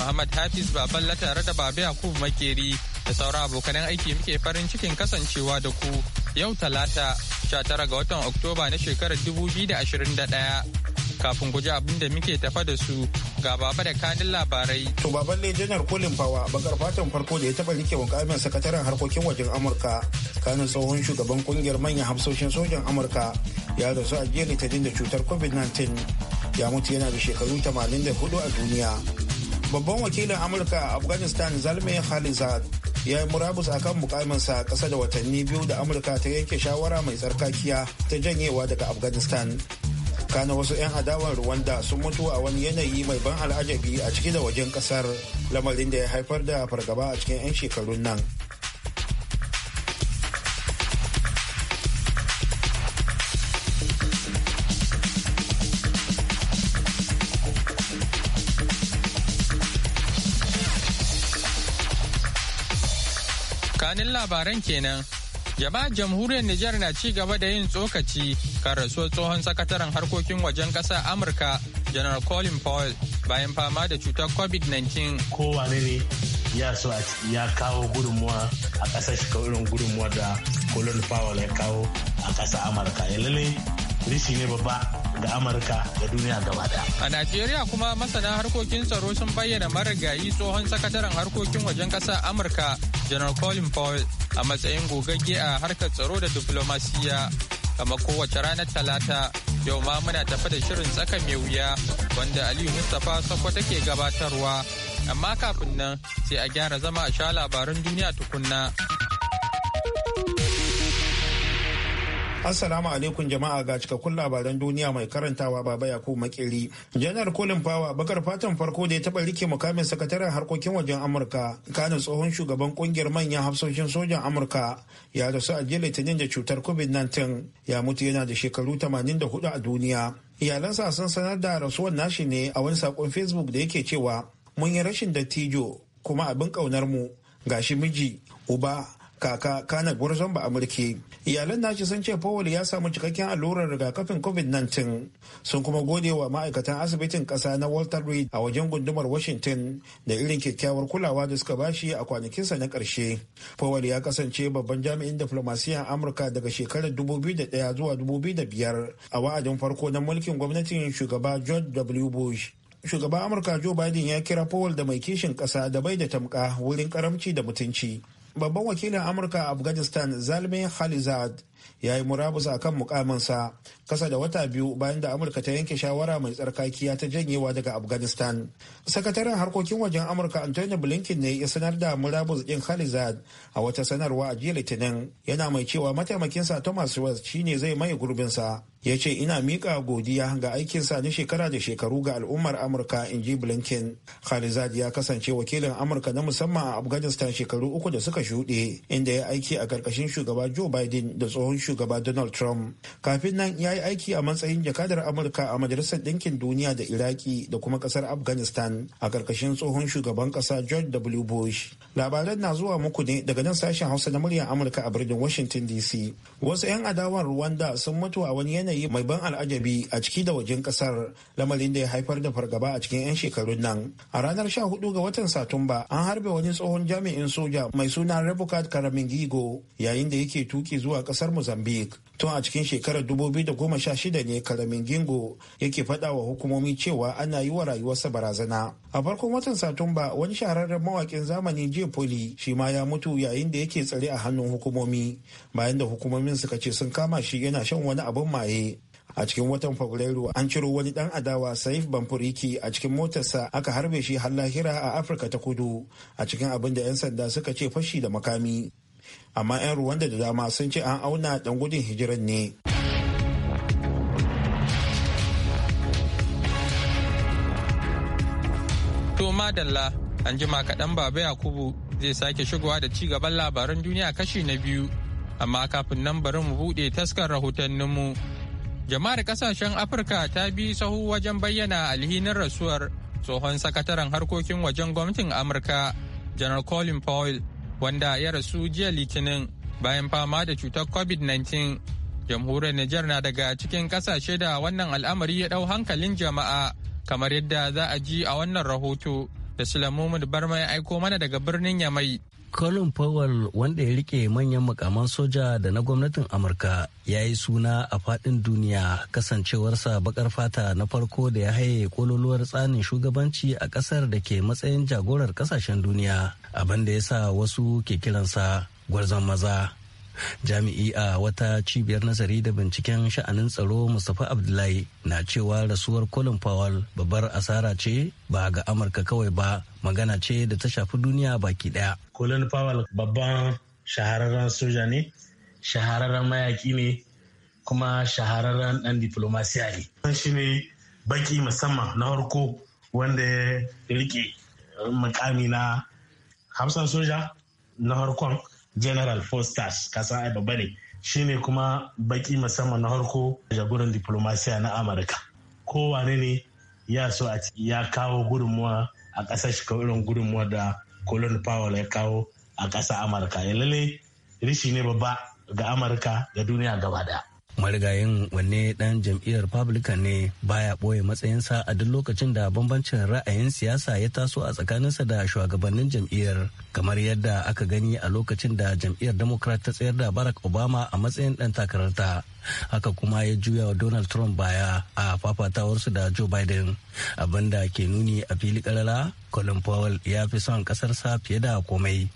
Muhammad Hafiz Baballa tare da Babe yakubu Makeri da sauran abokanan aiki muke farin cikin kasancewa da ku yau Talata 19 ga watan Oktoba na shekarar 2021. Kafin guji abin da muke tafa da su ga baba da kanin labarai. To baban janar kolin fawa bakar fatan farko da ya taba rike mukamin sakataren harkokin wajen Amurka kanin tsohon shugaban kungiyar manyan hamsoshin sojan Amurka ya rasu a jiya litinin da cutar COVID-19 ya mutu yana da shekaru 84 a duniya. babban wakilin amurka a afghanistan zalmi khalizad ya yi murabus a kan mukaminsa kasa da watanni biyu da amurka ta yanke shawara mai tsarkakiya ta janyewa daga afghanistan kana wasu 'yan adawan ruwanda sun mutu a wani yanayi mai ban al'ajabi a ciki da wajen kasar lamarin da ya haifar da fargaba a cikin 'yan shekarun nan Kanin labaran kenan. Jama'a jamhuriyar Nijar na ci gaba da yin tsokaci kan rasuwar tsohon sakataren harkokin wajen ƙasa Amurka General Colin Powell bayan fama da cutar COVID-19. Kowane ne ya so ya kawo gudunmuwa a ƙasar shi irin gudunmuwa da Colin Powell ya kawo a ƙasar Amurka. Ya rishi ne babba da amurka da duniya gaba a najeriya kuma masana harkokin tsaro sun bayyana marigayi tsohon sakataren harkokin wajen ƙasa amurka general colin powell a matsayin gogagge a harkar tsaro da diplomasiya kama kowace ranar talata yau ma muna tafi da shirin tsaka mai wuya wanda aliyu mustapha sakwa take gabatarwa amma kafin nan sai a gyara zama a sha labaran duniya tukunna Assalamu alaikum jama'a ga cikakkun labaran duniya mai karantawa baba Yakubu Makeri. Janar Colin Fawa bakar fatan farko da ya taba rike mukamin sakataren harkokin wajen Amurka, kanin tsohon shugaban kungiyar manyan hafsoshin sojan Amurka ya rasu a jiya Litinin da cutar COVID-19 ya mutu yana da shekaru 84 a duniya. Iyalansa sun sanar da rasuwar nashi ne a wani sakon Facebook da yake cewa mun yi rashin dattijo kuma abin ƙaunar mu gashi miji uba kaka kana gwarzon ba amurki iyalan nashi sun ce powell ya samu cikakken allurar rigakafin covid-19 sun kuma gode wa ma'aikatan asibitin kasa na walter reed a wajen gundumar washington da irin kyakkyawar kulawa da suka bashi a kwanakinsa na karshe powell ya kasance babban jami'in a amurka daga shekarar 2001 zuwa 2005 a wa'adin farko na mulkin gwamnatin shugaba george w bush shugaban amurka joe biden ya kira powell da mai kishin kasa da bai da tamka wurin karamci da mutunci babban wakilin amurka a afghanistan zalmi khalizad ya yi murabus a kan mukaminsa kasa da wata biyu bayan da amurka ta yanke shawara mai tsarkakiya ta janyewa daga afghanistan sakataren harkokin wajen amurka antonio blinken ne ya sanar da murabus din khalizad a wata sanarwa a jiya litinin yana mai cewa mataimakinsa thomas west shine zai maye gurbinsa ya ce ina miƙa godiya ga aikinsa na shekara da shekaru ga al'ummar amurka in ji blinken khalizad ya kasance wakilin amurka na musamman a afghanistan shekaru uku da suka shuɗe inda ya aiki a ƙarƙashin shugaba joe biden da tsohon tsohon shugaba donald trump kafin nan ya yi aiki a matsayin jakadar amurka a majalisar ɗinkin duniya da iraki da kuma ƙasar afghanistan a ƙarƙashin tsohon shugaban ƙasa george w bush labaran na zuwa muku ne daga nan sashen hausa na muryar amurka a birnin washington dc wasu 'yan adawar rwanda sun mutu a wani yanayi mai ban al'ajabi a ciki da wajen ƙasar lamarin da ya haifar da fargaba a cikin 'yan shekarun nan a ranar 14 ga watan satumba an harbe wani tsohon jami'in soja mai suna rebukat karamin gigo yayin da yake tuki zuwa ƙasar mozambique tun a cikin shekarar 2016 ne karamin gingo yake faɗa wa hukumomi cewa ana yi wa rayuwarsa barazana a farkon watan satumba wani shahararren mawakin zamani jiya poli shi ma ya mutu yayin da yake tsare a hannun hukumomi bayan da hukumomin suka ce sun kama shi yana shan wani abin maye a cikin watan fabrairu an ciro wani dan adawa saif bamfuriki a cikin motarsa aka harbe shi har lahira a afirka ta kudu a cikin abin da 'yan sanda suka ce fashi da makami amma 'yan ruwan da dama sun ce an auna dan gudun hijiran ne to madalla an jima kaɗan baba yakubu zai sake shigowa da ci gaban labaran duniya kashi na biyu amma kafin nan bari mu buɗe taskar rahotannin mu. jama'ar kasashen afirka ta bi sahu wajen bayyana alhinin rasuwar tsohon sakataren harkokin wajen gwamnatin amurka janar colin powell wanda ya rasu jiya litinin bayan fama da cutar covid-19 jamhuriyar nijar na daga cikin kasashe da wannan al'amari ya dau hankalin jama'a kamar yadda za a ji a wannan rahoto da silamumu barma ya aiko mana daga birnin yamai Colin Powell wanda ya rike manyan makaman soja da na gwamnatin Amurka ya yi suna a faɗin duniya kasancewarsa bakar fata na farko da ya haye kololuwar tsanin shugabanci a ƙasar da ke matsayin jagorar ƙasashen duniya abin da ya sa wasu ke kiransa gwarzon maza. jami'i a wata cibiyar nazari da binciken sha'anin tsaro mustapha abdullahi na cewa rasuwar colin powell babbar asara ce ba ga amurka kawai ba magana ce da ta shafi duniya baki daya colin powell babban shahararren soja ne shahararren mayaki ne kuma shahararren dan diplomasiya ne shi ne baki musamman na harko wanda ya rike mukami na hamsan soja na harkon general four stars kasan ai babba ne shine kuma baki musamman na harko jagoran diplomasiya na amurka kowane ne ya so a ya kawo gudunmuwa a ƙasar shi irin gudunmuwa da colin powell ya kawo a ƙasar amurka ya lalle rishi ne babba ga amurka ga duniya gaba daya marigayin wanne dan jam'iyyar republican ne baya ɓoye matsayinsa a duk lokacin da bambancin ra'ayin siyasa ya taso a tsakaninsa da shugabannin jam'iyyar kamar yadda aka gani a lokacin da jam'iyyar democrat ta tsayar da barack obama a matsayin dan takararta haka kuma ya juya wa donald trump baya a fafatawarsu da joe biden abinda ke nuni a fili karara colin powell ya fi son kasarsa fiye da komai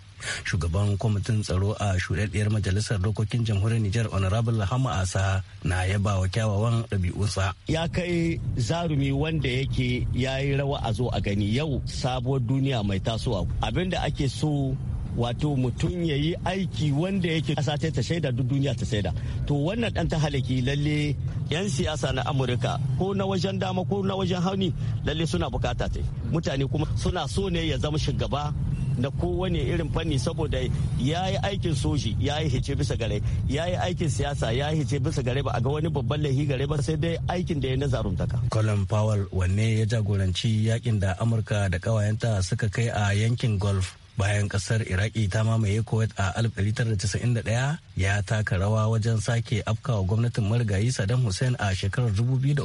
shugaban kwamitin tsaro a shuɗaɗɗiyar majalisar dokokin jamhuriyar nijar honorable hama asa na yaba wa kyawawan ɗabi'unsa ya kai zarumi wanda yake ya yi rawa a zo a gani yau sabuwar duniya mai tasowa abinda ake so wato mutum ya yi aiki wanda yake ƙasa ta shaida duk duniya ta shaida to wannan ɗan ta halaki lalle 'yan siyasa na amurka ko na wajen dama ko na wajen hauni lalle suna bukata ta mutane kuma suna so ne ya zama shugaba da kowane irin fanni saboda ya yi aikin soji ya yi hice bisa gare ya yi aikin siyasa ya yi hice bisa gare ba a ga wani babban laihi gare ba sai dai aikin da ya na zaruntaka. Colin Powell wanne ya jagoranci yakin da Amurka da kawayenta suka kai a yankin golf. bayan kasar iraki ta mamaye kuwait a 1991 ya taka rawa wajen sake afkawa gwamnatin marigayi saddam hussein a shekarar 2003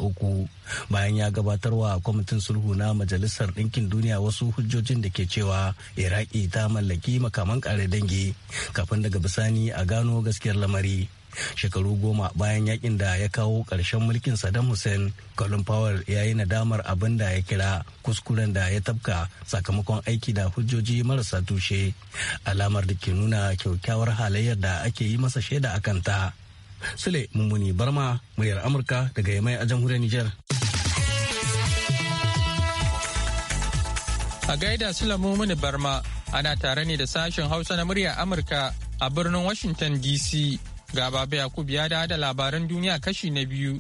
bayan ya gabatar wa kwamitin sulhu na majalisar ɗinkin duniya wasu hujjojin da ke cewa iraki ta mallaki makaman kare dangi kafin daga bisani a gano gaskiyar lamari shekaru goma bayan yakin da ya kawo karshen mulkin saddam hussein colin powell ya yi nadamar abin da ya kira kuskuren da ya tabka sakamakon aiki da hujjoji marasa tushe alamar da ke nuna kyaukyawar halayyar da ake yi masa shaida a ta sule mummuni barma muryar amurka daga yamai a jamhuriyar niger a gaida sule mummuni barma ana tare ne da sashen hausa na murya amurka a birnin washington dc Ga Baba Yakub ya da labaran duniya kashi na biyu.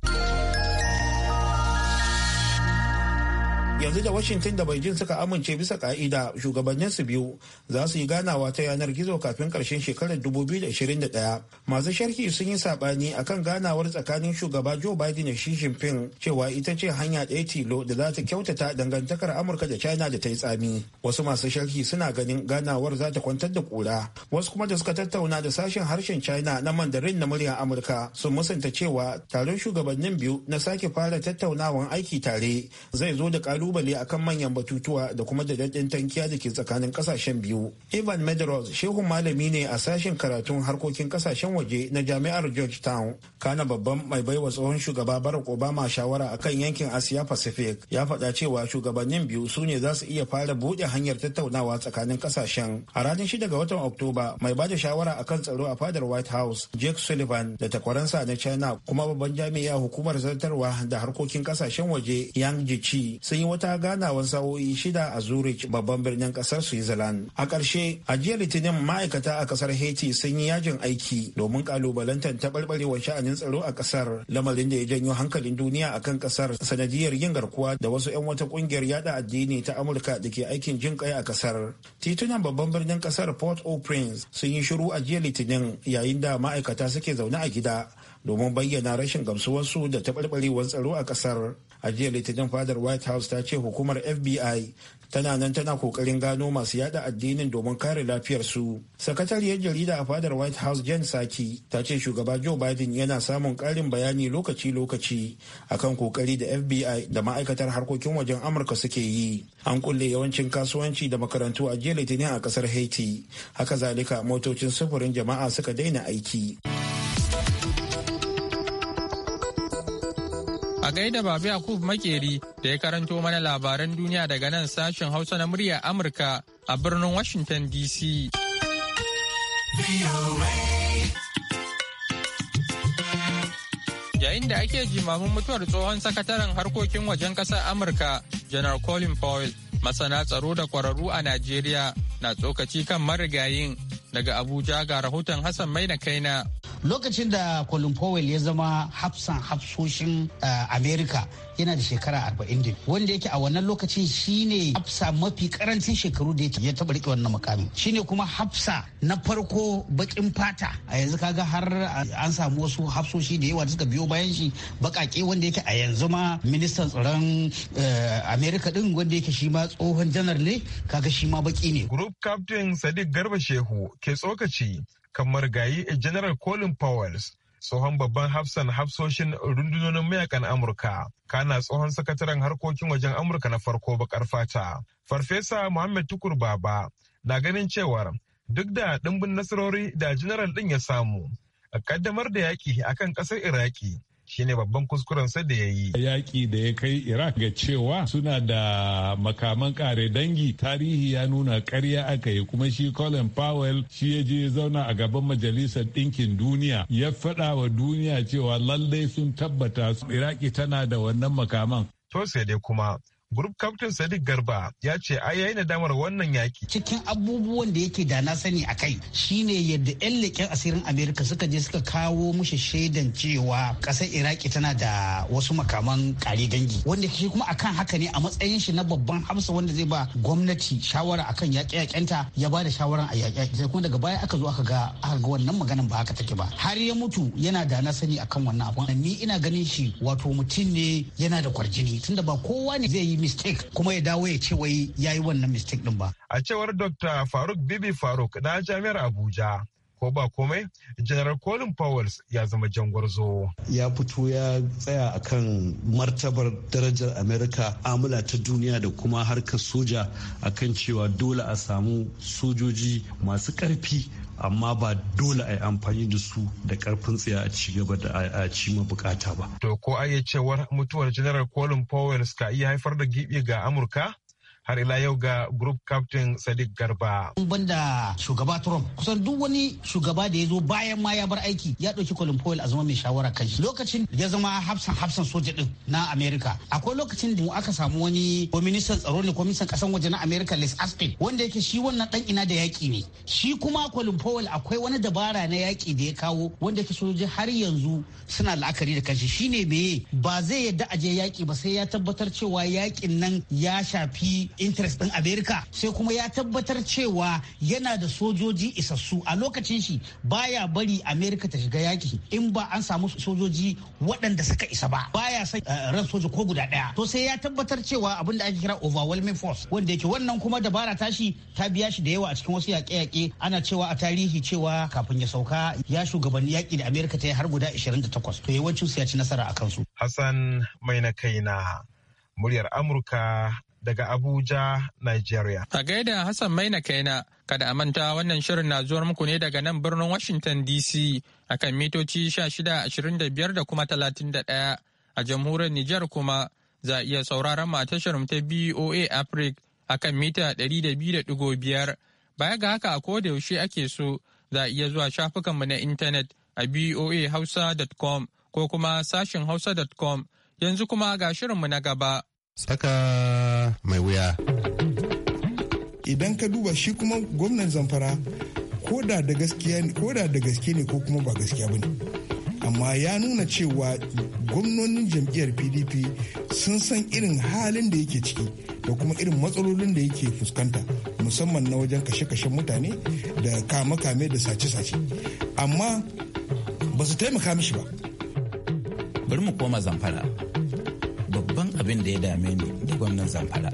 yanzu da washington da beijing suka amince bisa ka'ida shugabannin su biyu za su yi ganawa ta yanar gizo kafin karshen shekarar 2021 masu sharhi sun yi sabani akan ganawar tsakanin shugaba joe biden da shi jinping cewa ita ce hanya ɗaya tilo da za ta kyautata dangantakar amurka da china da ta yi tsami wasu masu sharhi suna ganin ganawar za ta kwantar da kura wasu kuma da suka tattauna da sashen harshen china na mandarin na muryar amurka sun musanta cewa taron shugabannin biyu na sake fara tattaunawan aiki tare zai zo da kalu kalubale kan manyan batutuwa da kuma da tankiya da ke tsakanin kasashen biyu ivan medros shehun malami ne a sashen karatun harkokin kasashen waje na jami'ar georgetown kana babban mai baiwa tsohon shugaba barack obama shawara a kan yankin asia pacific ya faɗa cewa shugabannin biyu su ne za su iya fara buɗe hanyar tattaunawa tsakanin kasashen a ranar shida ga watan oktoba mai bada shawara a kan tsaro a fadar white house jake sullivan da takwaransa na china kuma babban jami'a hukumar zartarwa da harkokin kasashen waje yang jichi sun yi wata wata ganawan sa'o'i shida a Zurich babban birnin kasar Switzerland. A ƙarshe, a jiya Litinin ma'aikata a kasar Haiti sun yi yajin aiki domin kalubalantar taɓarɓarewar sha'anin tsaro a kasar, lamarin da ya janyo hankalin duniya a kan kasar sanadiyar yin garkuwa da wasu 'yan wata ƙungiyar yada addini ta Amurka da ke aikin jin kai a kasar. Titunan babban birnin kasar Port-au-Prince sun yi shiru a jiya Litinin yayin da ma'aikata suke zaune a gida domin bayyana rashin gamsuwarsu da taɓarɓarewar tsaro a kasar. a jiya litinin fadar white house ta ce hukumar fbi tana nan tana kokarin gano masu yada addinin domin kare lafiyar lafiyarsu sakatariyar jarida a fadar white house jen saki ta ce shugaba joe biden yana samun karin bayani lokaci-lokaci akan kokari da fbi da ma'aikatar harkokin wajen amurka suke yi an kulle yawancin kasuwanci da makarantu a jiya litinin a kasar haiti haka zalika motocin sufurin jama'a suka daina aiki. A gaida Babu Yakub Makeri da ya karanto mana labaran duniya daga nan sashen Hausa na murya Amurka a birnin Washington DC. Yayin da ake jimamin mutuwar tsohon sakataren harkokin wajen ƙasar Amurka, Janar Colin Powell, masana tsaro da kwararru a Najeriya na tsokaci kan marigayin daga Abuja ga rahoton Hassan Maina Kaina. lokacin da colin powell ya zama hafsan hafsoshin eh, Amerika yana da shekara 40 wanda yake a wannan lokacin shine hafsa mafi karancin shekaru da ya taba rike wannan makamin shine kuma hafsa na farko bakin fata a yanzu kaga har an samu wasu hafsoshi da yawa suka biyo bayan shi bakake wanda yake a yanzu ma ministan tsaron eh, Amerika din wanda yake shi ma tsohon janar ne kaga shi ma baki ne group captain sadiq garba shehu ke tsokaci gayi marigayi eh, General Colin Powells tsohon babban hafsan hafsoshin rundunonin mayakan Amurka, kana tsohon sakataren harkokin wajen Amurka na farko bakar fata. Farfesa Muhammad Tukur Baba na ganin cewar duk da ɗimbin nasarori da general ɗin ya samu, a kaddamar da yaƙi akan ƙasar Iraki shine babban kuskuren sa da ya yi. Yaƙi da ya kai Iraq ga cewa suna da makaman kare dangi tarihi ya nuna ƙarya aka yi kuma shi Colin Powell shi ya je zauna a gaban majalisar ɗinkin duniya ya faɗa wa duniya cewa lallai sun tabbata Iraki tana da wannan makaman. To sai dai kuma Group Captain Sadiq Garba ya ce a yayi nadamar wannan yaki. Cikin abubuwan da yake da na sani a kai shine yadda 'yan leƙen asirin Amerika suka je suka kawo mushi shaidan cewa ƙasar Iraki tana da wasu makaman kare dangi wanda shi kuma akan haka ne a matsayin shi na babban hamsa wanda zai ba gwamnati shawara akan yaƙe-yaƙenta ya ba da shawaran a yaƙe sai kuma daga baya aka zo aka ga aka wannan maganan ba haka take ba har ya mutu yana da na sani akan wannan abun ni ina ganin shi wato mutum ne yana da kwarjini tunda ba kowa ne zai yi mistake kuma ya dawo ya ce wai ya yi wannan mistake din ba. A cewar Dr. Faruk Bibi Faruk na Jami'ar Abuja. ko ba komai general colin Powers ya zama jangwarzo ya fito ya tsaya akan martabar darajar america amula ta duniya da kuma harkar soja akan cewa dole a samu sojoji masu karfi amma ba dole a yi amfani da su da karfin tsaya a ci gaba da a ci ma bukata ba. To ko ayyacewar mutuwar General Colin Powell ka iya haifar da gibi ga Amurka? har ila yau ga group captain sadiq garba ban da shugaba trump kusan duk wani shugaba da ya zo bayan ma ya bar aiki ya ɗauki colin powell a zama mai shawara kai lokacin ya zama hafsan hafsan soja din na america akwai lokacin da mu aka samu wani ko ministan tsaro ne ko ministan kasan waje na america les aspin wanda yake shi wannan dan ina da yaki ne shi kuma colin powell akwai wani dabara na yaki da ya kawo wanda yake soja har yanzu suna la'akari da kanshi shine meye ba zai yadda aje je yaki ba sai ya tabbatar cewa yakin nan ya shafi interest din america sai kuma ya tabbatar cewa yana da sojoji isassu a lokacin shi baya bari america ta shiga yaki in ba an samu sojoji waɗanda suka isa ba baya son eh, ran soja ko guda ɗaya to sai ya tabbatar cewa abin da ake kira overwhelming force wanda yake wannan kuma dabara tashi ta biya shi da yawa a cikin wasu yaƙe-yaƙe ana cewa a tarihi cewa kafin ya sauka ya shugabanni yaƙi da america ta yi har guda 28 to yawancin su ya ci nasara a kansu hassan mai na kai na muryar amurka daga Abuja, Nigeria. A gaida Hassan Maina kaina, kada a manta wannan shirin na zuwar muku ne daga nan birnin Washington DC akan mitoci 1625 da kuma 31 a jamhuriyar Nijar kuma za a iya sauraron mata tashar ta BOA Africa akan mita 200.5 baya ga haka a koda yaushe ake so za a iya zuwa shafukanmu na intanet a boa-hausa.com ko kuma sashin hausa.com yanzu kuma ga shirinmu na gaba. tsaka mai wuya. Idan ka duba shi kuma gwamnan zamfara koda da gaske ne ko kuma ba gaskiya ba ne. Amma ya nuna cewa gwamnonin jam'iyyar PDP sun san irin halin da yake ciki da kuma irin matsalolin da yake fuskanta musamman na wajen kashe-kashen mutane da kame-kame da sace-sace. Amma ba su taimaka mishi ba. Bari mu koma zamfara. babban abin da ya dame ni da gwamnan zamfara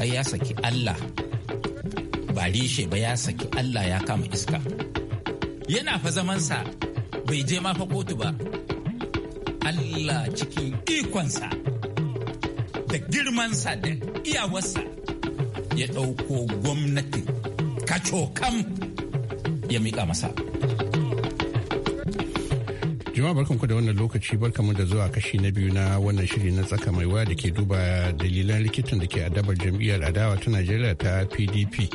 ai ya saki allah ba reshe ba ya saki allah ya kama iska yana fa zamansa bai je ma fa kotu ba allah cikin ikonsa da girmansa da iyawarsa ya ɗauko gwamnati kaco kam ya miƙa masa juma'a barkanku da wannan lokaci barkanmu da zuwa kashi na biyu na wannan shiri na tsaka mai da ke duba dalilan likitan da ke adabar jam'iyyar adawa ta Najeriya ta PDP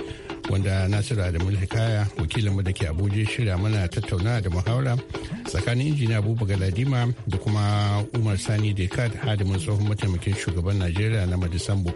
wanda Nasiru Adamu Hikaya wakilinmu da ke Abuja shirya mana tattaunawa da muhawara tsakanin injiniya abubu galadima da kuma umar sani dekad hadimin tsohon mataimakin shugaban najeriya na madisambo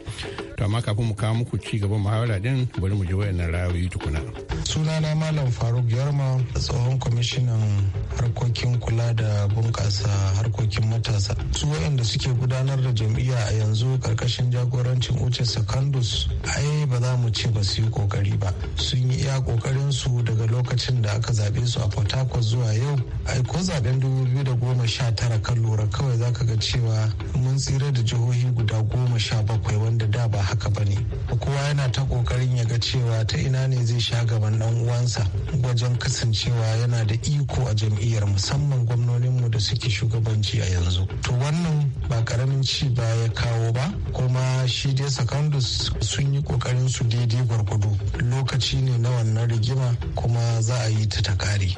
to amma kafin mu kawo muku ci gaban muhawara din bari mu ji wayannan yi tukuna sunana malam faruk yarma tsohon kwamishinan harkokin kula da bunƙasa harkokin matasa su wayanda suke gudanar da jam'iyya a yanzu karkashin jagorancin uce secondus ai ba za mu ce ba su yi kokari ba sun yi iya kokarin su daga lokacin da aka zaɓe su a port harcourt zuwa yau a aiko zaben 2019 kan lura kawai zaka ga cewa mun tsira da jihohi guda goma sha bakwai wanda da ba haka ba ne kowa yana ta kokarin ya ga cewa ta ina ne zai sha gaban dan uwansa wajen kasancewa yana da iko a jam'iyyar musamman gwamnoninmu da suke shugabanci a yanzu to wannan ba karamin ci ba ya kawo ba kuma shi dai secondus sun yi kokarin su daidai gwargwado lokaci ne na wannan rigima kuma za a yi ta ta kare.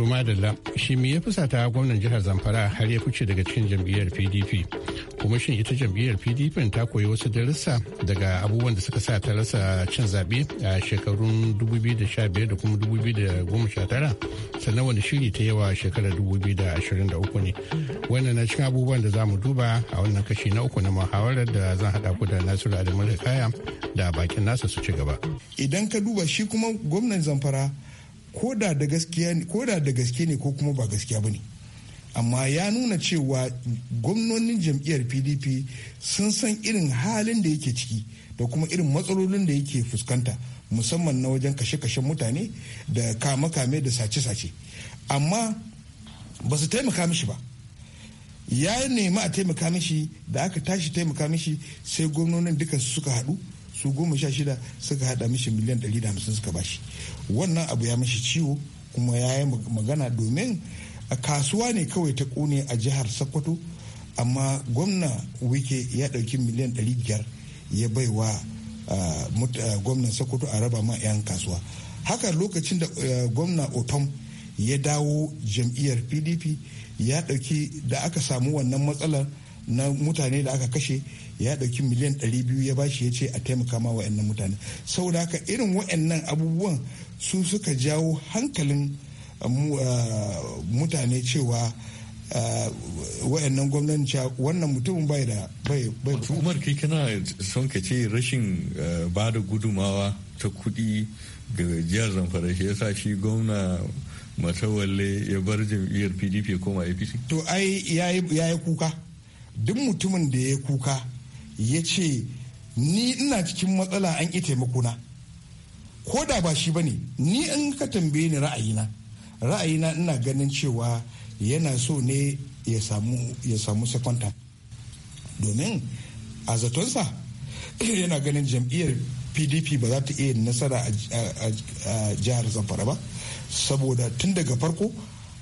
To Dalla shi me ya fusata gwamnan jihar Zamfara har ya fice daga cikin jam'iyyar PDP. Kuma shin ita jam'iyyar PDP ta koyi wasu darussa daga abubuwan da suka sa ta rasa cin zaɓe a shekarun 2015 da kuma 2019 sannan wani shiri ta yawa shekarar 2023 ne. Wannan na cikin abubuwan da za mu duba a wannan kashi na uku na muhawarar da zan haɗa ku da Nasiru Adamu Kaya da bakin nasa su ci gaba. Idan ka duba shi kuma gwamnan Zamfara ko da da gaske ne ko kuma ba gaskiya ba ne amma ya nuna cewa gwamnonin jam'iyyar pdp sun san irin halin da yake ciki da kuma irin matsalolin da yake fuskanta musamman na wajen kashe-kashen mutane da kame-kame da sace-sace amma ba su taimaka mishi ba ya nemi a taimaka mishi da aka tashi taimaka mishi sai gwamnonin duka suka haɗu su goma sha shida suka hada mishi miliyan ɗari da hamsin suka bashi wannan abu ya mishi ciwo kuma ya yi magana domin kasuwa ne kawai ta kone a jihar sokoto amma gwamna wike ya ɗauki miliyan ɗari biyar ya baiwa gwamnan sokoto a raba ma 'yan kasuwa haka lokacin da gwamna otom ya dawo jam'iyyar pdp ya ɗauki da aka samu wannan matsalar na mutane da aka kashe ya ɗauki miliyan 200 ya bashi ya ce a taimaka ma wa'annan mutane saboda haka irin wa'annan abubuwan su suka jawo hankalin uh, uh, mutane cewa uh, wa'annan gwamnati cewa wannan mutumin bai da bai bai umar kai kana son ka ce rashin ba da gudumawa ta kuɗi ga jihar zamfara shi yasa shi gwamna matawalle ya bar jam'iyyar pdp koma apc to ai ya yi kuka duk mutumin da ya kuka ya ce ni ina cikin matsala an ƙi taimakona ko da ba shi ba ne ni in ka tambaye ni ra'ayina ra'ayina ina ganin cewa yana so ne ya samu sekwanta domin a zatonsa yana ganin jam'iyyar pdp ba za ta iya nasara a jihar zamfara ba saboda tun daga farko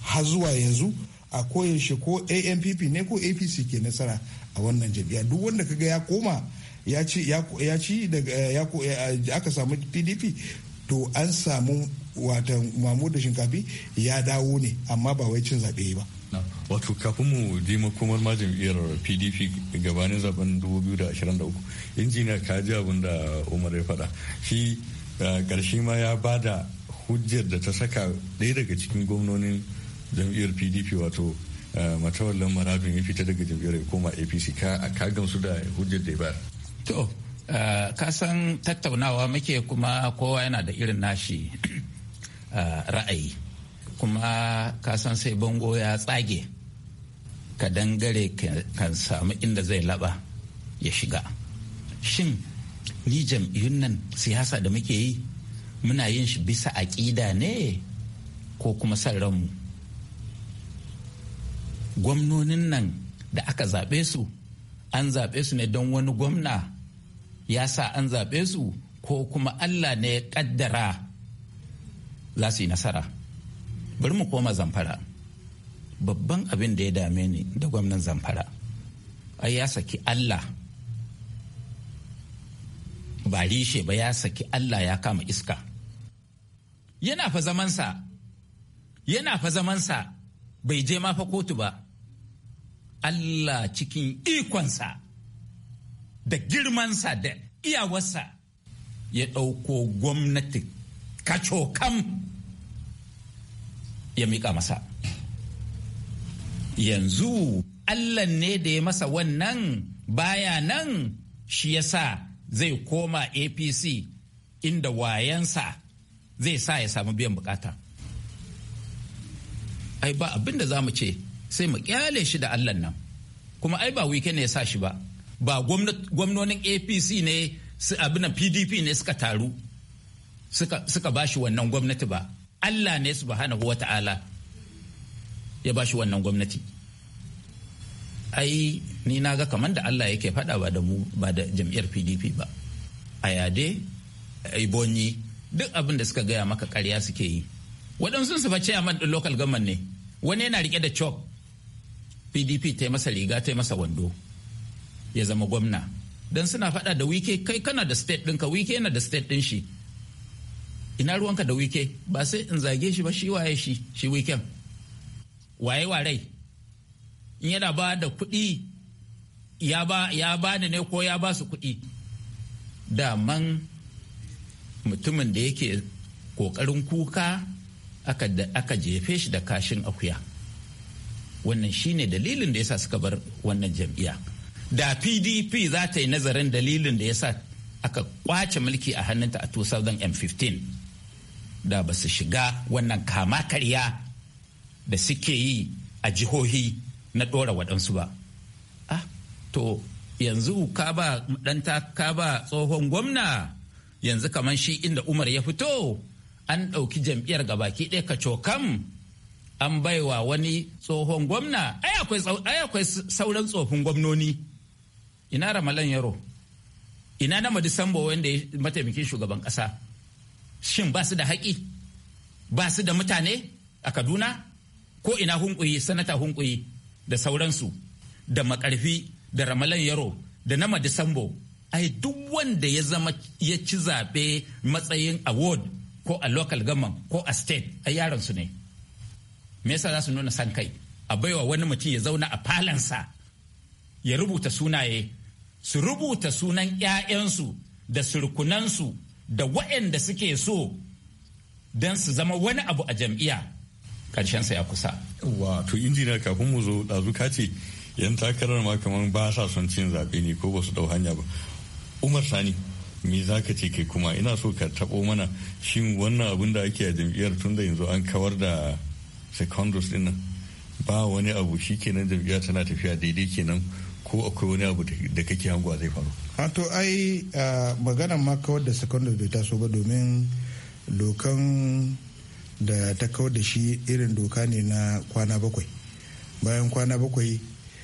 har zuwa yanzu a koyaushe ko ampp ne ko apc ke nasara a wannan jam'iyya duk wanda kaga ya koma ya ci ya ci daga eh, ya eh, eh, aka samu pdp to an samu wata mamu da shinkafi ya dawo ne amma ba wai cin zaɓe ba wato kafin mu je makomar ma jam'iyyar pdp gabanin zaben 2023 injiniya ka ji abin da umar ya faɗa shi karshe ma ya bada hujjar da ta saka ɗaya daga cikin gwamnonin jam'iyyar pdp wato eh, matawallan maradun ya fita daga jam'iyyar ya koma apc ka gamsu da hujjar da to eh, ka san tattaunawa muke kuma kowa yana da irin nashi eh, ra'ayi kuma ka san sai bango ya tsage ka dangare kan samu inda zai laba ya shiga shin ni jam'iyyun nan siyasa da muke yi muna yin shi bisa aƙida ne ko kuma san ranmu gwamnonin nan da aka zaɓe su an zaɓe su ne don wani gwamna ya sa an zaɓe su ko kuma allah ne ya ƙaddara za su yi nasara bari mu koma zamfara babban abin da ya dame ni da gwamnan zamfara ai ya saki allah ba rishe ba ya saki allah ya kama iska yana fa zamansa yana fa zamansa bai je ma fa kotu ba Allah cikin ikonsa da girmansa da iyawarsa ya ɗauko gwamnati kacokan ya miƙa masa. Yanzu Allah ne da ya masa wannan baya nan shi ya sa zai koma APC inda wayansa zai sa ya samu biyan bukata. Ai ba abin za mu ce sai mu kyale shi da allah nan kuma ai ba wike ne ya sa shi ba ba gwamnonin apc ne su abin pdp ne suka taru suka, suka ba shi wannan gwamnati ba allah ne subhanahu wata'ala ta'ala ya ba shi wannan gwamnati ai ni na ga kamar da allah yake fada ba da mu ba da jam'iyyar pdp ba a yade bonyi duk abin da suka gaya maka karya suke yi waɗansu su fa chairman ɗin local government ne wani yana rike da chop pdp ta yi masa riga ta yi masa wando ya zama gwamna don suna faɗa da wike kai kana da state ɗinka wike yana da state ɗin shi ina ruwanka da wike ba sai in zage shi ba shi waye shi shi wiken waye warai in yana ba da kuɗi ya ba ya ne ko ya ba su kuɗi daman mutumin da yake ƙoƙarin kuka aka jefe shi da kashin akuya wannan shine dalilin da yasa suka bar wannan jam'iyya da pdp za ta yi nazarin dalilin da yasa aka kwace mulki a hannunta a 2015 da ba su shiga wannan kama karya da suke yi a jihohi na ɗora waɗansu ba ah to yanzu ka ba ɗanta ka ba tsohon gwamna yanzu kamar shi inda umar ya fito an ɗauki jam'iyyar gabaki ɗaya ka cokam an baiwa wani tsohon gwamna ai akwai sauran tsofin gwamnoni ina ramalan yaro ina na disamba wanda ya mataimakin shugaban kasa shin ba su da haƙi ba su da mutane a kaduna ko ina hunkuyi sanata hunkuyi da sauransu da makarfi da ramalan yaro da na disambo ai duk wanda ya zama ya ci zaɓe matsayin award ko a local government ko a state ai yaransu ne me yasa za su nuna san kai a baiwa wani mutum ya zauna a falansa ya rubuta sunaye su rubuta sunan 'ya'yansu da surkunansu da waɗanda suke so don su zama wani abu a jam'iyya sa ya kusa. Wato injina kafin mu zo ɗazu ce yan takarar ma kamar ba sa son cin zaɓe ne ko ba su ɗau hanya ba. Umar Sani me za ka ce kai kuma ina so ka taɓo mana shin wannan abin da ake a jam'iyyar tun da yanzu an kawar da secondus din nan ba wani abu shi kenan jam'iyya tana tafiya daidai kenan ko akwai wani abu da kake hango zai faru a to ai magana ma kawar da secondus bai taso ba domin lokan da ta kawar da shi irin doka ne na kwana bakwai bayan kwana bakwai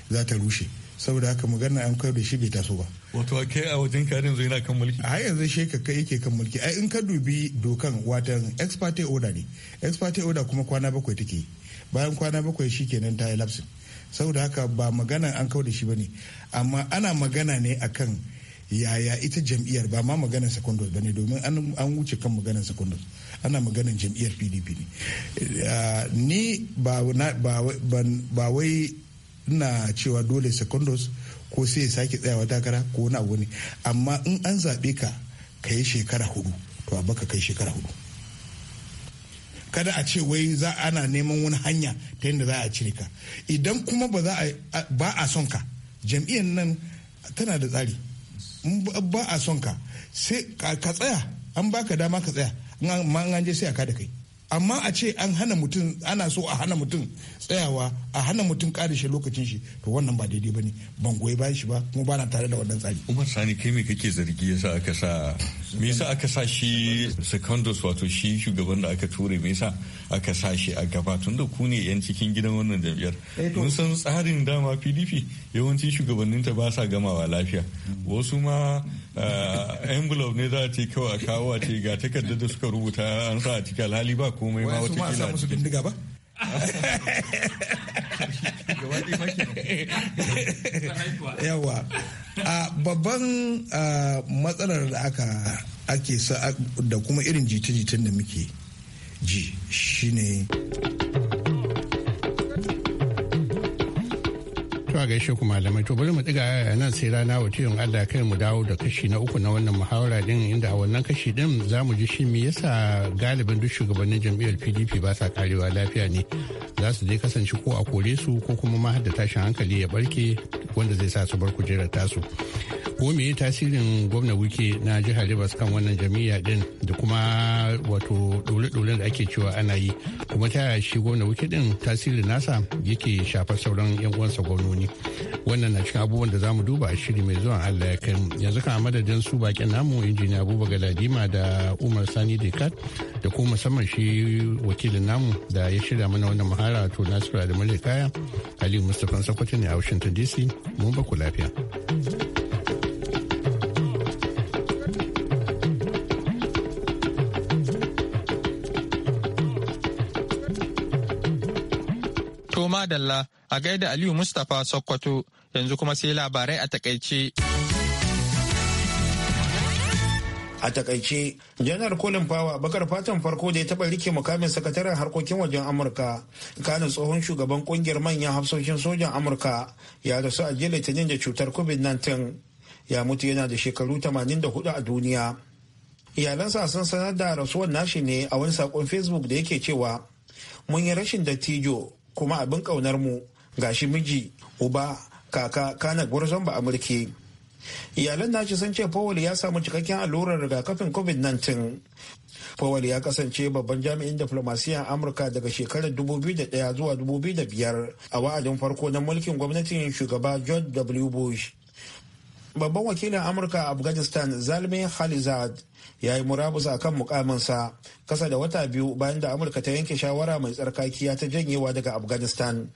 za ta rushe saboda haka magana an kai da shi bai taso ba wato ke a wajen ka yanzu yana kan mulki a yanzu shi ka kai yake kan mulki ai in ka dubi dokan watan ex parte order ne ex parte order kuma kwana bakwai take bayan kwana bakwai shi kenan ta yi lapsin saboda haka ba magana an kawo da shi bane amma ana magana ne akan yaya ita jam'iyyar ba ma maganar secondary ba ne domin an wuce kan maganar secondary ana maganar jam'iyyar pdp ne eh, ni ba wai ina cewa dole secondos ko sai ya sake tsayawa takara ko wani abu ne amma in an zaɓe ka ka yi shekara hudu to a baka kai shekara hudu kada a ce wai za ana neman wani hanya ta yadda za a cire ka idan kuma ba za a ba a son ka jam'iyyar nan tana da tsari ba a son ka sai ka tsaya an baka dama ka tsaya in an je sai a kada kai amma a ce an hana mutum ana so a hana mutum tsayawa a hana mutum shi lokacin shi to wannan ba daidai bane ban goyi bayan shi ba kuma ba na tare da wannan tsari umar sani kai mai kake zargi yasa aka sa me yasa aka sa shi secondus wato shi shugaban da aka ture me yasa aka sashi a gaba tun da ku ne yan cikin gidan wannan jam'iyyar eh mun san tsarin dama pdp Yawancin shugabanninta ba sa gamawa lafiya mm. wasu ma ah, envelope ne za a ce kawai a kawo a ce ga takardar da suka rubuta an sa a ciki alhali ba komai ma wata kila ba yawa babban ah, matsalar da aka ake da kuma irin jita-jitan da muke ji shine To a gaishe ku malamai to bari mu diga nan sai rana wa tiyon Allah kai mu dawo da kashi na uku na wannan muhawara din inda a wannan kashi din za mu ji shi me yasa galibin duk shugabannin jam'iyyar PDP ba sa karewa lafiya ne za su dai kasance ko a kore su ko kuma ma hadda tashin hankali ya barke wanda zai sa su bar kujerar tasu. Ko me tasirin gwamna wike na jihar Rivers kan wannan jami'a din da kuma wato dole-dolen da ake cewa ana yi kuma ta shi gwamna wike din tasirin nasa yake shafar sauran 'yan uwansa gwamnoni. wannan na cikin abubuwan da za mu duba a shiri mai zuwa allah ya kai yanzu kan madadin su bakin namu injiniya abubakar galadima da umar sani dekat da kuma musamman shi wakilin namu da ya shirya mana wannan muhara to da adamu kaya aliyu mustapha sokoto ne a washington dc mun ba ku lafiya Toma Dalla a gaida Aliyu Mustapha Sokoto yanzu kuma sai labarai a takaice. A takaice, janar Colin Power bakar fatan farko da ya taɓa rike mukamin sakataren harkokin wajen Amurka, kanin tsohon shugaban kungiyar manyan hafsoshin sojan Amurka ya rasu a jiya litinin da cutar COVID-19 ya mutu yana da shekaru 84 a duniya. Iyalansa sun sanar da rasuwar nashi ne a wani saƙon Facebook da yake cewa, mun yi rashin dattijo kuma abin ƙaunar mu gashi miji uba kaka kana gwarzon ba amurke iyalan naci sun ce powell ya samu cikakken allurar rigakafin covid-19 powell ya kasance babban jami'in a amurka daga shekarar 2001 zuwa 2005 a wa'adin farko na mulkin gwamnatin shugaba george w bush babban wakilin amurka a afghanistan zalmi halizad ya yi murabus a kan mukaminsa kasa da wata biyu bayan da amurka ta yanke shawara mai tsarkakiya ta janyewa daga afghanistan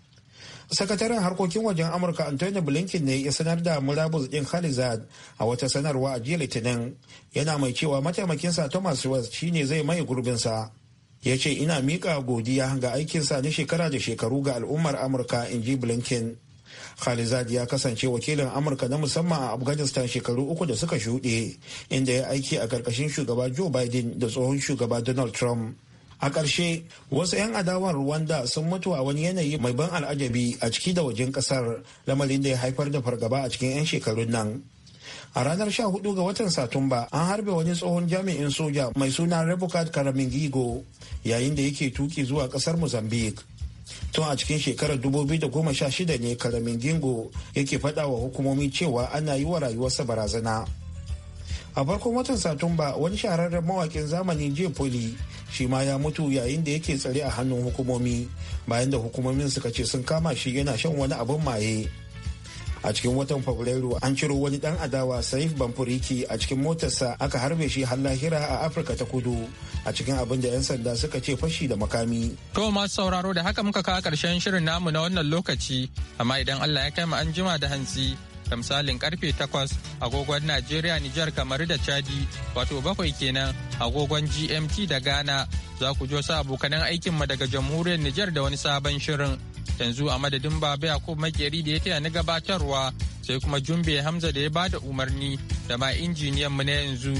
sakataren harkokin wajen amurka antonio blinken ne ya sanar da murabus din khalizad a wata sanarwa a jiya litinin yana mai cewa mataimakinsa thomas west shine zai maye gurbinsa ya ce ina miƙa godiya ga aikinsa na shekara da shekaru ga al'ummar amurka in ji blinken khalizad ya kasance wakilin amurka na musamman a afghanistan shekaru uku da suka shuɗe inda ya aiki a ƙarƙashin shugaba joe biden da tsohon shugaba donald trump a ƙarshe wasu 'yan adawar rwanda sun mutu a wani yanayi mai ban al'ajabi a ciki da wajen ƙasar lamarin da ya haifar da fargaba a cikin 'yan shekarun nan a ranar 14 ga watan satumba an harbe wani tsohon jami'in soja mai suna revocat karamingigo yayin da yake tuki zuwa ƙasar mozambique tun a cikin shekarar 2016 ne karamingingo yake faɗa wa hukumomi cewa ana yi wa rayuwarsa barazana a farkon watan satumba wani shahararren mawakin zamani jiya poli shi ma ya mutu yayin da yake tsare a hannun hukumomi bayan da hukumomin suka ce sun kama shi yana shan wani abin maye a cikin watan fabrairu an ciro wani dan adawa saif bamfuriki a cikin motarsa aka harbe shi har lahira a afirka ta kudu a cikin abin da 'yan sanda suka ce fashi da makami to masu sauraro da haka muka kawo karshen shirin namu na wannan lokaci amma idan allah ya kai mu an jima da hantsi da misalin karfe 8 agogon Najeriya, Nijar, kamar da Chadi, wato bakwai kenan agogon GMT da Ghana. Za ku jo sa abokanan aikinmu daga jamhuriyar Nijar da wani sabon shirin. Yanzu a madadin Baba ko Makeri da ya taya ni gabatarwa sai kuma Jumbe Hamza da ya bada umarni da ma injiniyan mu na yanzu.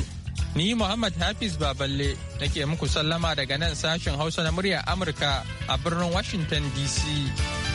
Ni Muhammad Hafiz Baballe nake muku sallama daga nan sashen Hausa na muryar Amurka a birnin Washington DC.